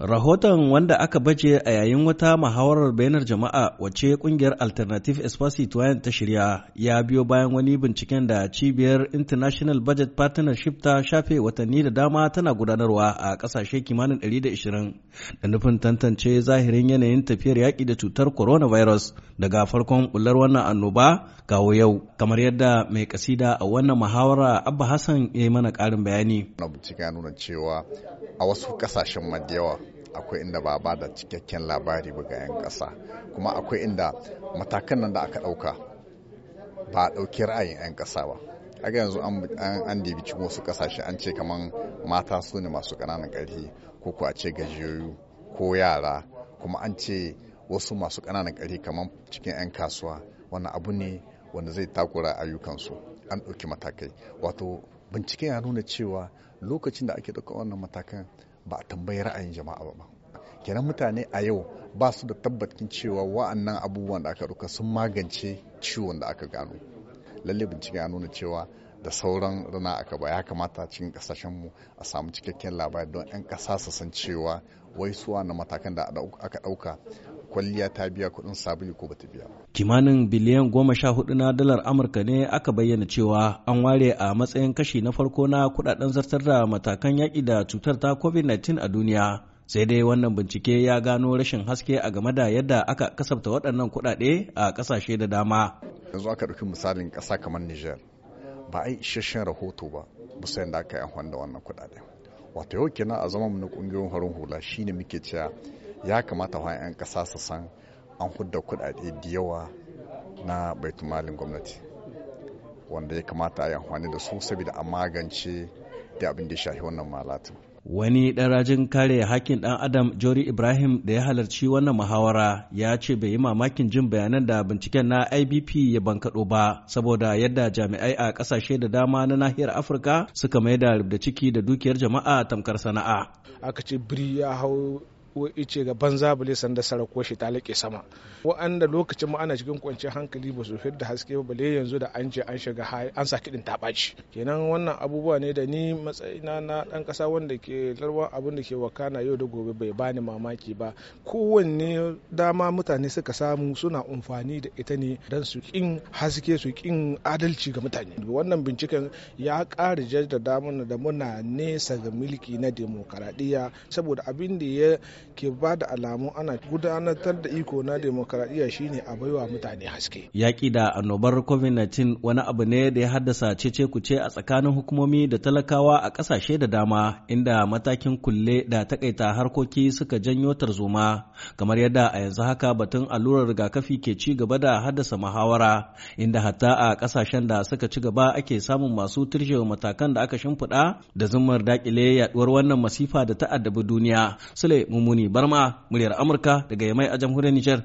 Rahoton wanda aka baje a yayin wata muhawarar bayanar jama'a wace kungiyar Alternative Espace ta shirya ya biyo bayan wani binciken da cibiyar International Budget Partnership ta shafe watanni da dama tana gudanarwa a kasashe kimanin 120 da nufin tantance zahirin yanayin tafiyar yaƙi da cutar coronavirus daga farkon bular wannan annoba kawo yau kamar yadda mai kasida a wannan muhawara Abba Hassan ya yi mana ƙarin bayani. Na bincike ya nuna cewa a wasu ƙasashen yawa akwai inda ba ba da cikakken labari ba ga 'yan kasa kuma akwai inda matakan nan da aka ɗauka ba a ɗauki ra'ayin 'yan ƙasa ba ga yanzu an dibi cikin wasu ƙasashe an ce kaman mata su ne masu ƙananan karfi ko ko a ce gajiyoyi ko yara kuma an ce wasu masu ƙananan karfi kaman cikin 'yan kasuwa wani abu ne wanda zai takura ayyukansu an ɗauki matakai wato bincike ya nuna cewa lokacin da ake ɗauka wannan matakan ba a tambayi ra'ayin jama'a ba kenan mutane a yau ba su da tabbatin cewa wa'annan abubuwan da aka ɗauka sun magance ciwon da aka gano lalle bincike ya nuna cewa da sauran rana aka ba ya kamata cikin kasashen mu a samu cikakken labari don 'yan kasa su san cewa wai suwa na matakan da aka ɗauka kwalliya ta biya kuɗin sabulu ko bata biya. Kimanin biliyan goma sha hudu na dalar Amurka ne aka bayyana cewa an ware a matsayin kashi na farko na kuɗaɗen zartar da matakan yaƙi da cutar ta COVID-19 a duniya. Sai dai wannan bincike ya gano rashin haske a game da yadda aka kasafta waɗannan kuɗaɗe a kasashe da dama. Yanzu aka ɗauki misalin ƙasa kamar Nijar ba a yi isasshen rahoto ba bisa yadda aka yi wannan kuɗaɗe. Wato yau kenan a zaman mu na ƙungiyoyin horon hula shine muke cewa ya kamata wa 'yan kasa su san an hudda kuɗaɗe da yawa na baitumalin gwamnati wanda ya kamata a yi amfani da su saboda a magance da abin da ya shafi wannan malatin. Wani ɗarajin kare hakkin ɗan Adam Jori Ibrahim da ya halarci wannan muhawara ya ce bai yi mamakin jin bayanan da binciken na IBP ya bankaɗo ba saboda yadda jami'ai a ƙasashe da dama na nahiyar Afirka suka mai da ciki da dukiyar jama'a tamkar sana'a. Aka ce biri ya hau ko ice ga banza bale sanda sarako shi ta laƙe sama wa'anda lokacin mu ana cikin kwanciyar hankali ba su da haske ba bale yanzu da an ce an shiga an sa kiɗin ta ɓaci kenan wannan abubuwa ne da ni matsayina na ɗan ƙasa wanda ke larwa abin da ke wakana yau da gobe bai bani mamaki ba kowanne dama mutane suka samu suna amfani da ita ne don su ƙin haske su ƙin adalci ga mutane wannan binciken ya ƙara jaddada mana da muna nesa ga mulki na demokaradiyya saboda abin da ya ke ba da alamu ana gudanar da iko na demokradiyya shine a baiwa mutane haske. Yaƙi da annobar COVID-19 wani abu ne da ya haddasa cece kuce a tsakanin hukumomi da talakawa a ƙasashe da dama inda matakin kulle da takaita harkoki suka janyo tarzoma kamar yadda a yanzu haka batun allurar rigakafi ke ci gaba da haddasa muhawara inda hatta a ƙasashen da suka ci gaba ake samun masu turjewa matakan da aka shimfiɗa da zumar daƙile yaɗuwar wannan masifa da ta addabi duniya. Sule Mumu muni Barma, muryar Amurka daga Yamai a jamhuriyar Nijar.